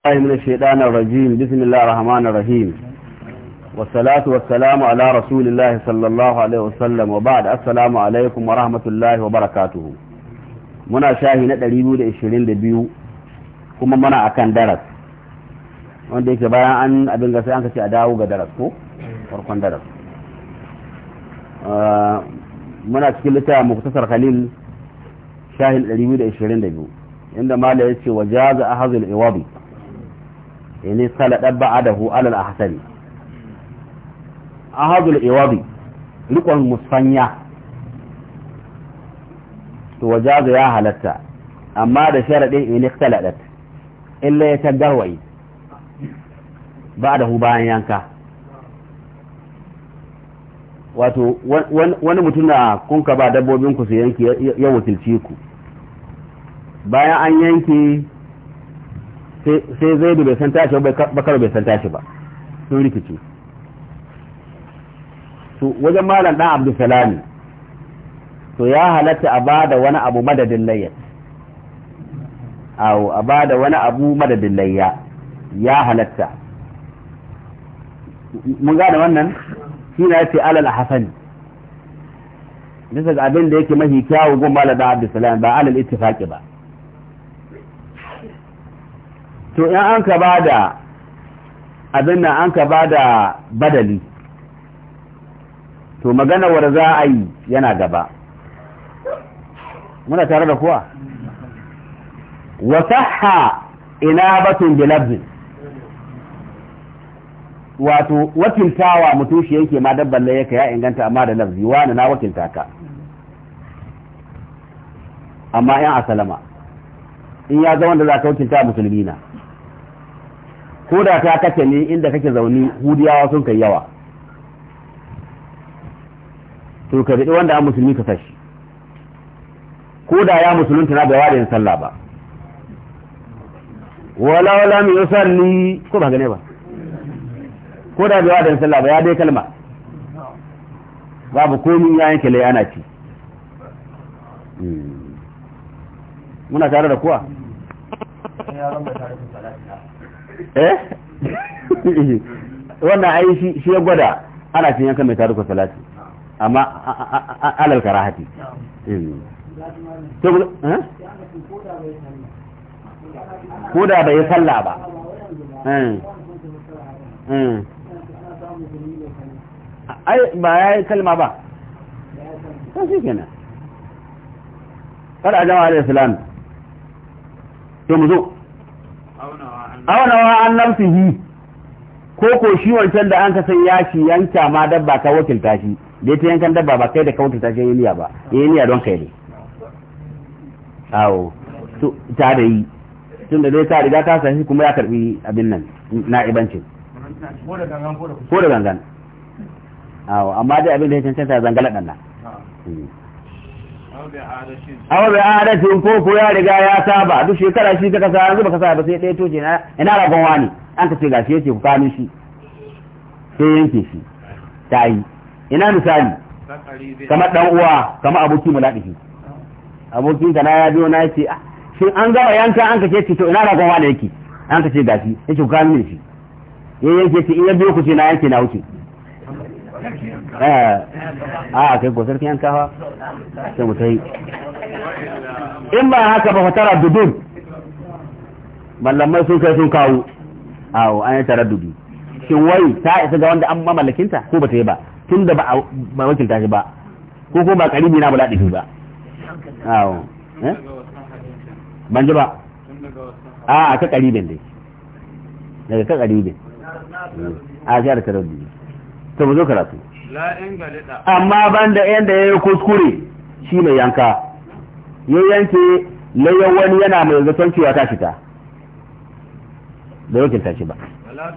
الله من الشيطان الرجيم بسم الله الرحمن الرحيم والصلاة والسلام على رسول الله صلى الله عليه وسلم وبعد السلام عليكم ورحمة الله وبركاته منا شاهي نتريبو لإشرين دبيو كما منا أكان درس wanda yake bayan an abin gasa an kace a dawo ga daras ko farkon daras muna cikin littafin muktasar khalil shahil 222 inda mala yace wajaza ahzul iwabi in saladat ba'adahu alal ahsani ahadul iwadi riƙon musanya to wajazu ya halatta amma da sharaɗin in dat illa ya tagarwai ba'adahu bayan yanka wato wani mutum na kunka ba ku su yanki ya wakilci ku bayan an yanki sai zai da bai san tashi ba bakar bai san tashi ba sun rikici su wajen malam dan salami to ya halatta a bada wani abu madadin layyar awo a bada wani abu madadin layya ya halatta mun gane wannan shi na yace alal hasani bisa ga abin da yake mahi kyawu gun malam dan salami ba alal ittifaqi ba to in an ka bada abin nan an ka da badali to maganawar za a yi yana gaba muna tare da kuwa wasahha ina batun bilabzin wato wakiltawa mutum shi yanke ma dabban ya ka ya inganta amma da lafzi wani na wakilta ka amma yan asalama in ya zama wanda za ka wakilta musulmi na ko da ta kace ne inda kake zaune hudiyawa sun kai yawa to ka bi wanda an musulmi ka sashi ko da ya musulunta na bai yin sallah ba wala-wala wala mi yusalli ko ba gane ba ko da bai yin sallah ba ya dai kalma babu komin ya yanke lai ana ci hmm. muna tare da kuwa eh wannan ai shi ya gwada ana cin yankan mai taruka salati amma alal karahati hmm. eh? ko da bai salla ba hmm. Hmm. ba ya yi kalma ba shi kenan kada jama'a to mu zo aunawa an nafsihi ko ko shi wancan da an ka san ya shi yanka ma dabba ka wakilta shi da ta yankan dabba ba kai da ka wakilta shi yayi ba yayi niyya don kai ne awo ta da yi tun da dai ta riga ta san shi kuma ya karbi abin nan na ibancin ko da gangan ko da gangan awo amma dai abin da ya cancanta zangala dan nan aw a adatin ko ko ya riga ya saba duk shekara shi kaka sa yanzu baka sa ba sai dai toje na ina ragon wani an ka ce gashi yace ku kanu shi sai yanke shi tayi ina misali kamar dan uwa kamar aboki muladifi abokin ka na ya biyo na yace ah, shin an gama yanka an ka ce to ina ragon wani yake an ka ce gashi yake ku kanu shi yayin ce in ya biyo ku ce na yanke na wuce Eh, a kai ko sarkin yankawa sai mu ta yi in ba haka ba fatara dudun mallamai sun kai sun kawo awo an yi taraddudu shin wai ta isa ga wanda an mamallakinta ko ba ta yi ba tun da ba wakilta shi ba ko ko ba karibi na bala ɗifi ba awo eh? ban ji ba a a ka karibin dai daga ka karibin eh, a shi da taraddudu to mu zo karatu amma banda yanda yayi kuskure shi mai yanka ya yanke layan wani yana mai zaton cewa ta fita da wakilta shi ba wala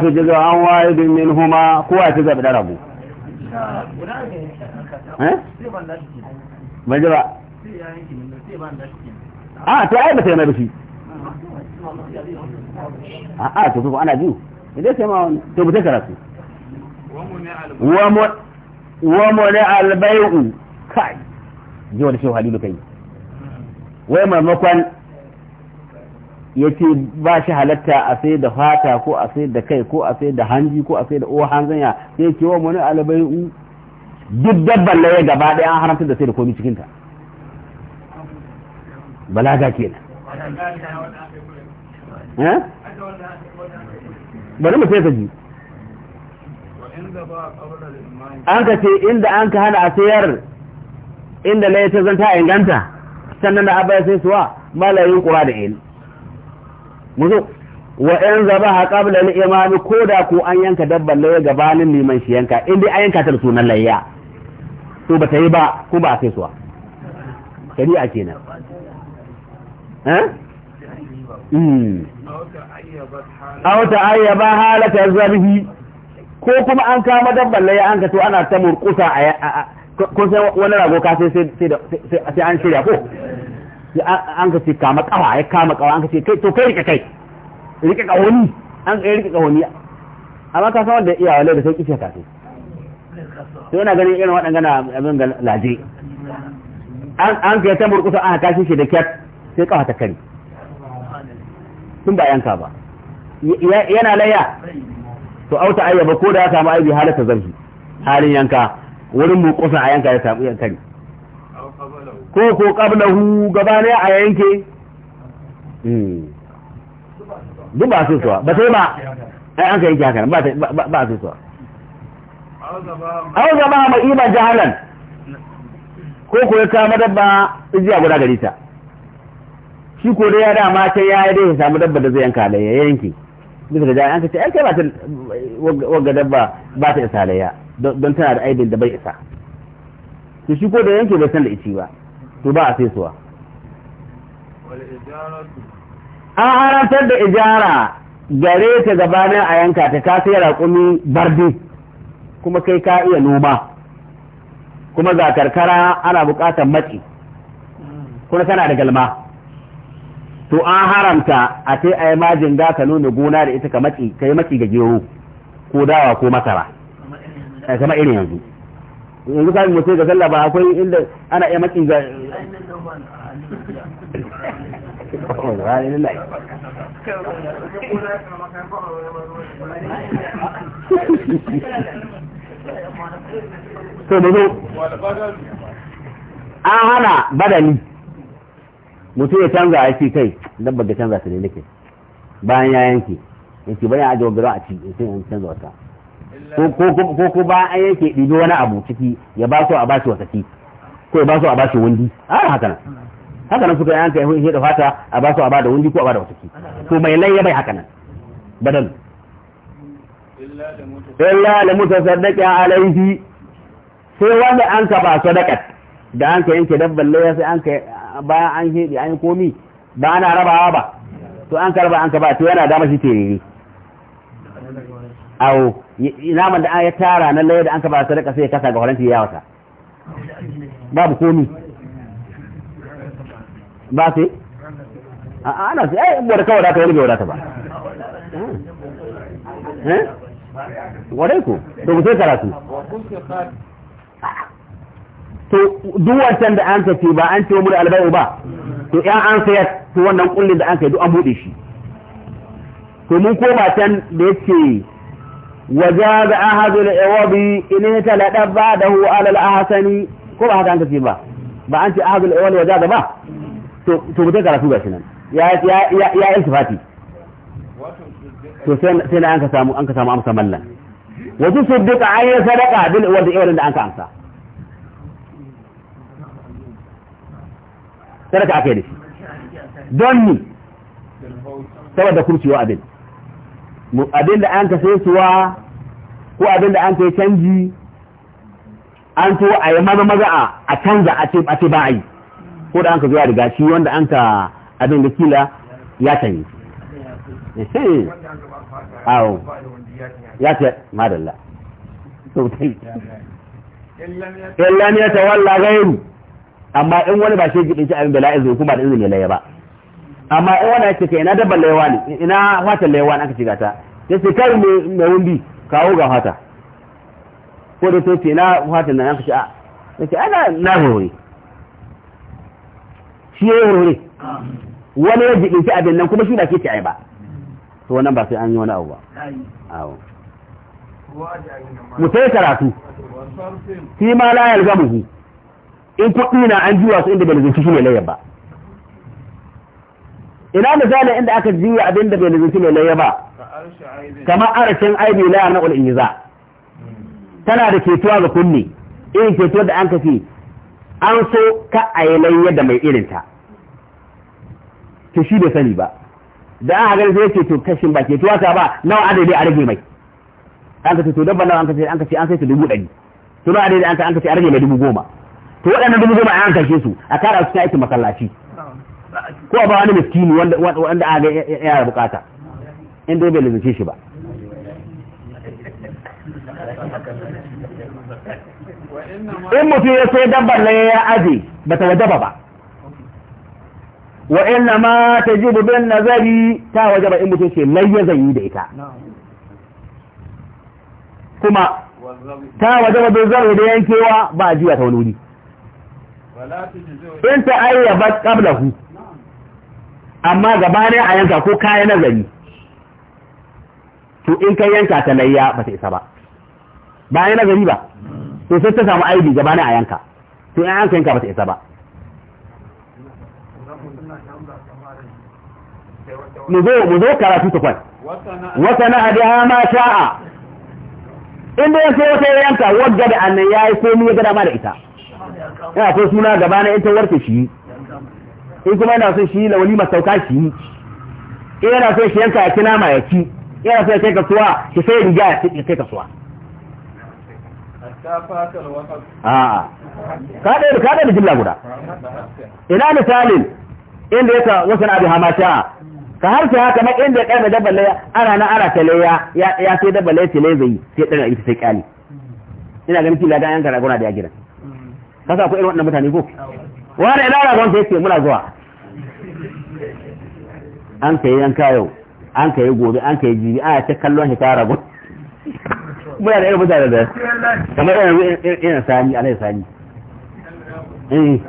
ta zuwa an wahidin min huma kowa ta zaɓi darabu eh? ban ji ba ah, a ta aibata yana rufi shi a a ana biyu idan sai ma wani to bude karatu wa mu ne albayu kai ji wani shehu halilu kai wai maimakon ya ce ba shi halatta a sai da fata ko a sai da kai ko a sai da hanji ko a sai da ohan zanya sai ce wa mani albayu duk dabban laye gaba ɗaya an haramta da sai da komi cikinta balaga kenan bari mu sai ka ji an ka ce inda an ka hana a sayar inda na ta zanta a inganta sannan na abaya sai suwa malayin kura da in muzo wa yan zaba ha qabla al imami ko da ko an yanka dabban laye gabanin neman shi yanka inda an yanka ta sunan layya to ba ta yi ba ko ba a sai suwa shari'a kenan eh? Hmm. aw ta'ayyaba halata zarihi ko kuma an kama dabbar laye an ka to ana ta murkusa a kun sai wani rago ka sai sai an shirya ko an ka ce kama kawa ya kama kawa an ka ce to kai rike kai rike kawoni an ka rike kawoni amma ka san wanda iyawa lai da sai ce ka sai to yana ganin irin waɗangana abin ga laje an ka ta murkusa aka kashe shi da kyat sai kawa ta kare tun ba yanka ba yana laya to auta ayyaba ko da ya samu aibi halata zarfi halin yanka wurin kusa a yanka ya samu yankari ko ko qablahu gabane a yanke hmm. duk ba su suwa ba sai ba ai an ka yanke haka ba ba su suwa au zama ma iba jahalan ko ko ya kama dabba ijiya guda garita shi ko da ya dama ta ya yi dai samu dabba da zai yanka da ya yanke bisa da jami'an an kace ai kai ba ta wagga dabba ba ta isa laya don tana da aibin da bai isa to shi ko da yanke bai san da ici ba to ba a sai suwa an haramtar da ijara gare ta gabanin a yanka ta ka sai raƙumi bardi kuma kai ka iya noma kuma ga karkara ana buƙatar matsi kuma tana da galma to an haramta a sai a yi majin ga ka nuna gona da ita ka ka yi maki ga gero ko dawa ko masara eh, kama irin yanzu yanzu kafin mutum ga sallah ba akwai inda ana iya maki ga to mu zo an hana badani mutum ya canza a ce kai dan baga canza ta ne nake bayan ya yanke yake bayan ajiye garin a cikin sai an canza wata ko ko bayan an yanke ɗibi wani abu ciki ya ba su a bashi wata ci ko ya ba su a bashi wundi a ah, haka nan haka nan suka yi yanka ya da fata a ba su a ba da wundi ko a ba da wata ci to mai lai ya bai haka nan badal illa da a alaihi sai wanda an ka ba sadaqat da an ka yanke dabban laya sai an ka bayan an hedi an yi komi ba ana rabawa ba to an karba an ka ba to yana da mashi terere awo naman da ya tara na laye da an ka ba sadaka sai ya kasa ga horanci ya wata babu komi ba sai ana sai ai wadda kawai da ka wani bai wadata ba eh? Eh? wadai ko to ku sai karatu to duk wancan da an ce ba an ce wa mura albayu ba to ya an sai to wannan kulli da an kai duk an bude shi to mun koma can da yake waja da ahadu al in ta lada ba da hu ala al ko ba haka an ce ba ba an ce ahadu al iwal waja da ba to to mutai karatu ya ya ya iltifati to sai sai an ka samu an ka samu amsa mallan wajin sabbata ayya sadaqa bil wal iwal da an ka amsa sadaka aka yi da shi don ni saboda kurciwa abin abin da an ka sai suwa ko abin da an ka yi canji an to a yi maza maza a canza a ce ba a yi ko da an ka zuwa riga shi wanda an ka abin da kila ya canyi awo ya ce madalla ya lam yatawalla ghayru amma in wani ba shi jibin shi abin bala izini kuma da izini laye ba amma in wani yake kai ina dabban laiwa ne ina fatan laiwa ne aka shiga ta sai sai kai mai wumbi kawo ga fata ko da tofi ina fatan nan aka ce a sai ana na hore shi ya hore wani ya jibin shi abin nan kuma shi ba ke ci ai ba to wannan ba sai an yi wani abu ba awo mu sai karatu fi ma la yalgamuhu in kuɗi na an juya su inda bai lizinci shi ne layya ba ina misalin inda aka juya abin da bai lizinci ne layya ba kamar arashin aibi la na ul'iza tana da ketuwa ga kunne irin ketuwa da an kafi an so ka a yi layya da mai irinta to shi bai sani ba da an hagar zai ce to kashin ba ketuwa ta ba nawa adadi a rage mai an ka ce to dabba nawa an ka ce an sai ta dubu ɗari to nawa adadi an ka ce a rage mai dubu goma to waɗannan dubu goma an karshe su a tara su ta aikin masallaci ko ba wani miskini wanda a ga yara bukata in dai bai lalace shi ba in mutum ya sai dabbar na ya aje ba ta wajaba ba wa na ma ta ji bubin nazari ta wajaba in mutum ce layya ya yi da ita kuma ta wajaba bin zarwa da yankewa ba a jiya ta wani wuri in ta ayyaba qablahu amma ne a yanka ko kayan nazari to in kai yanka ta layya ba ta isa ba ba bayan nazari ba to sai ta samu aibi gaba ne a yanka to in an yanka ba ta isa ba mu zo mu zo karatu ta kwan wata na hadiya ma sha'a inda ya sai wata yanka wadda da annan yayi mu ya gada ma da ita in so suna gaba na ita warke shi in kuma yana son shi la walima sauka shi in yana son shi yanka ya ci nama ya ci in yana son ya kai kasuwa shi sai riga ya kai kasuwa a'a ka ɗaya da ka da jilla guda ina misalin inda yasa wasu na abu hamasha ka harshe haka na inda ya da dabba laya ana na ara tale ya ya sai dabba ta tale zai sai dan ita sai ƙyali ina ganin kila da yanka karaguna da ya gidan kasa ku irin wannan mutane ko wani ina ragon ta yake muna zuwa an ka yi yanka yau an ka yi gobe an ka yi jibi ana ta kallon hitara, ragon muna da irin mutane da kamar irin irin sani alai sani eh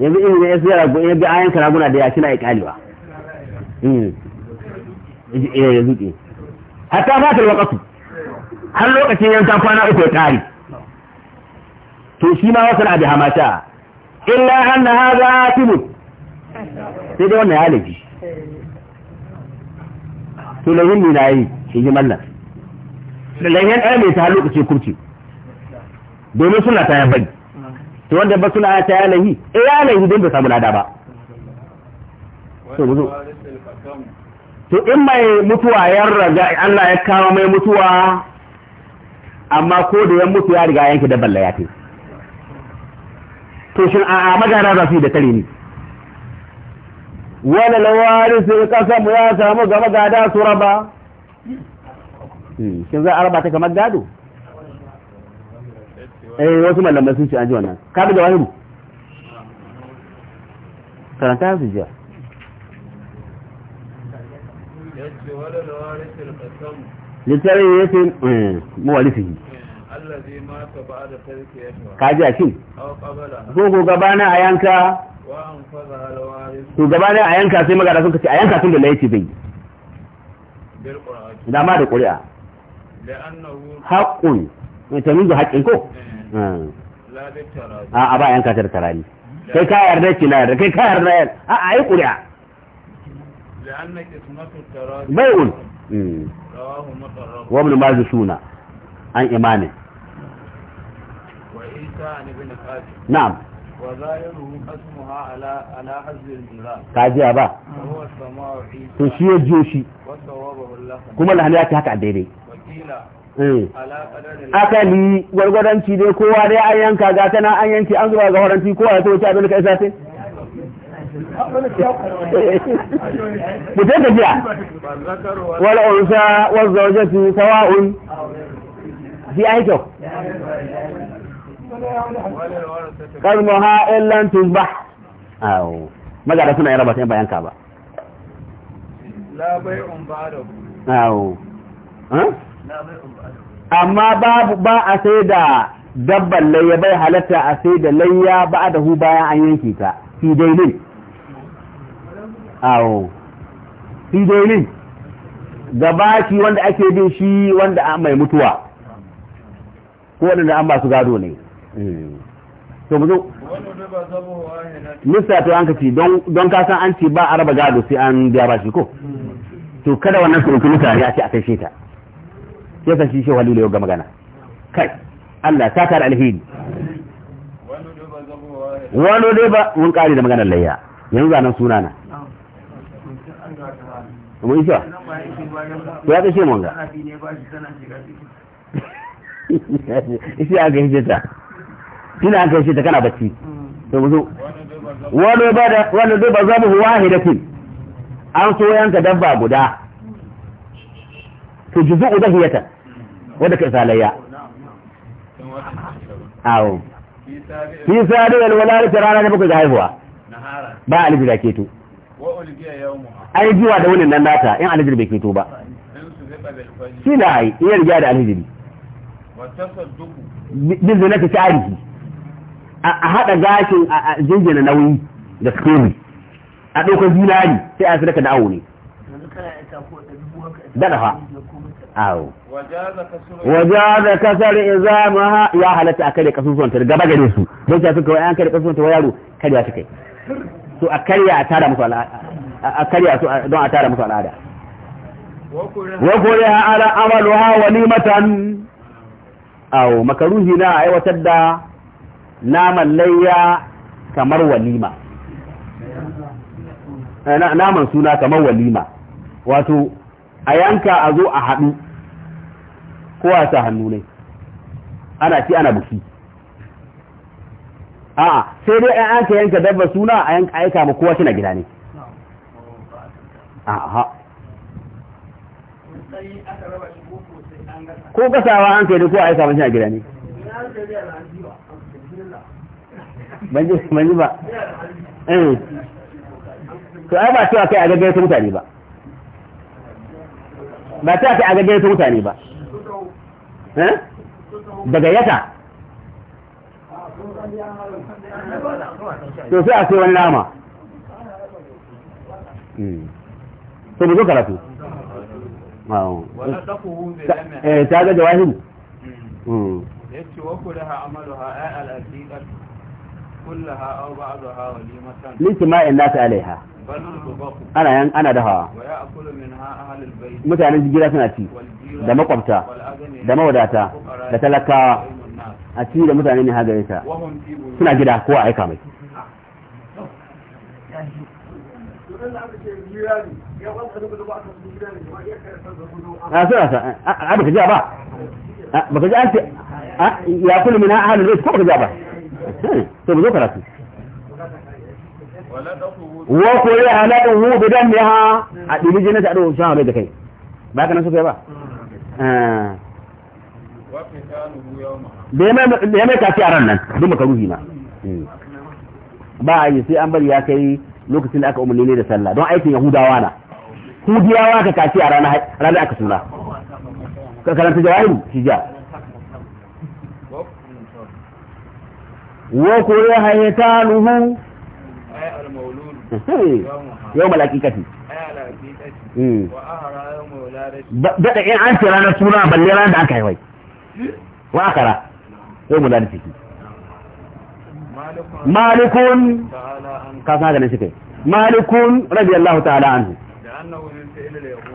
yanzu irin da yasu yara ya bi ayan karaguna da ya kina eh. ya kalewa ya zuke hatta fatar wakasu har lokacin yanka kwana uku ya kari to shi ma wasu da hamata illa anna hadha atibun sai da wannan alaji to lahin ni yi, shi yi mallan da lahin ɗaya mai ta ce kurci domin suna ta yan bari to wanda ba suna ta yan lahi eh ya lahi don ba samu lada ba to gudu to in mai mutuwa ya raga Allah ya kawo mai mutuwa amma ko da ya mutu ya riga yanke da balla to shin a magana za su yi da tare ne wani lawari su mu ya samu gaba magada su raba hmm, shin za a raba ta kamar gado eh wasu malamai sun ce an ji wannan ka bi da wahiru karanta su jiya littare ya ce mawalisihi kaji a cin ko ko gabana a yanka to gabana a yanka sai magana sun kace a yanka tun da na yace bai da ma da ƙuri'a haƙƙun mai tamizu haƙƙin ko a ba yanka ta da tarari kai ka yarda ce na yarda kai ka yarda a a yi ƙuri'a bai'un wa ibn mazu suna an imanin na'am ka jiya ba to shi ya jiyo shi kuma lahani ya ce haka a daidai eh. akali gwargwadanci dai kowa dai an yanka ga tana an yanki an zuwa ga kowa ya towace abin da ka sai mutum tafiya wal unsa wal zawjatu sawa'un fi kalmuha illan ba awo magada suna yaraba sai bayan ka ba la bai'un awo amma babu ba a sai da dabban layya bai halatta a sai da layya ba a dahu bayan an yanki ta fi dailin awo fi dailin gaba shi wanda ake bin shi wanda mai mutuwa ko wanda an ba su gado ne Eh. to mu zo to an ka ci don ka san an ci ba a gado sai an biya ba shi ko to kada wannan surutu mutane a ce a kai shi ta ya san shi shehu halilu yau ga magana kai Allah ta kare alheri wani dai ba mun kare da maganar layya yanzu zanen suna na yi shi to ya kashe mun ga ce a ga hijjata tunda an kai ta kana bacci to zo wani bada wani duba zabu wahidatin an so yanka dabba guda to juzu'u hiyata wanda kai salayya awo fi sadu wal walalati rana da muka ga haihuwa ba alibi da keto ai jiwa da wannan nan nata in alibi bai keto ba shi na ai iya riga da alhijiri bin zinata ta arihi a haɗa gashin a jingina nauyi da skemi a ɗaukar zinari sai a su daga awo ne daga fa awo da kasar izamaha ya halatta a kare kasusuwanta gaba gare su don ta suka wayan kare kasusuwanta wa yaro karya su kai so a karya a tara musu al'ada a karya su don a tara musu al'ada wa kuriha ala wa nimatan awo makaruhi na aiwatar da naman layya kamar walima eh, naman suna kamar walima wato a yanka a zo a haɗu ko a sa hannu ne ana ci ana buki a sai dai an aka yanka dabba suna a yanka aika ma kowa na gida ne a'a ko kasawa an kai da kowa aika ma na gida ne ban ji ba eh to ai ba cewa kai a gaggaita mutane ba ba cewa kai a gaggaita mutane ba eh daga yata to sai a ce wani nama hmm. to mu zo karatu eh, ta ga jawahiru hmm. Hmm. ya ce wa kudaha amaluha ai al'aqiqatu kullaha aw ba'daha walimatan lijtima'in nas alaiha ana ana hawa, mutanen gida suna ci da makwabta da mawadata da talakawa a ci da mutane ne hagarin ta suna gida ko a aika mai Ya ah, suna sa a ah, ah, baka ji ba baka ji ya kulu min ahalin rai ko baka ji ba to mu zo karatu wa ya halatu hu bi biha a ɗibi jinin ta ɗaukar shawar da kai ba ka nan suka kai ba eh ya mai kafi a ran nan duk maka ruhi na hmm. ba yi sai an bari ya kai lokacin da aka umarni ne da sallah don aikin yahudawa na hudiyawa ka kaci a ranar aka suna ka karanta jawahiru shi ja Ya وكره هيتانه يوم الحقيقة daɗa in an ce ranar suna balle ranar da aka haifai wa akara sai mu lalata ciki malikun ka san ganin shi kai malikun radiyallahu ta'ala anhu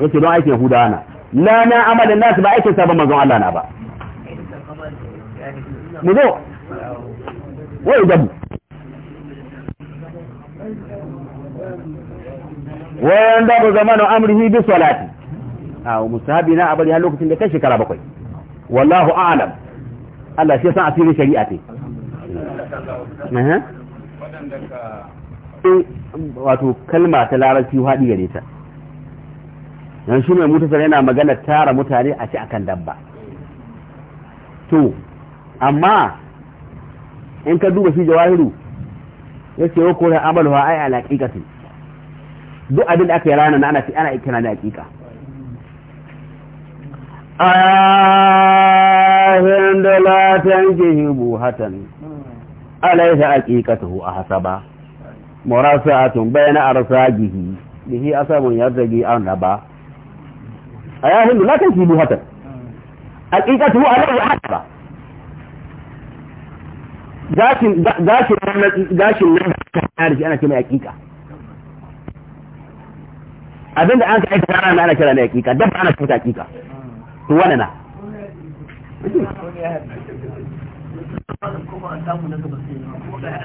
yace don aikin yahuda ana la na amalin nasu ba aikin sabon manzon Allah na ba mu zo wa idabu wa yandabu zamanu amrihi bi salati ah, a musahabi na abari har lokacin da kai shekara bakwai wallahu a'lam Allah shi ya san asirin shari'a te. Eh, wato kalma ta larabci haɗi gare ta don shi mai mutasar yana magana tara mutane a ci akan dabba to amma in ka duba shi jawahiru ya ce wa kore amalu ai ala haqiqati duk abin da aka yi ranar ana ana ikira da haqiqa ahin da la tanjihi a alaysa haqiqatuhu ahsaba murasa'atun bayna arsajihi bihi asabun yartaji an raba ayahin la tanjihi buhatan haqiqatuhu alaysa ahsaba gashin nan gashin nan da ta da shi ana ce hakika abin da an ka aika rana ana kira mai hakika dabba ana kira hakika to wani na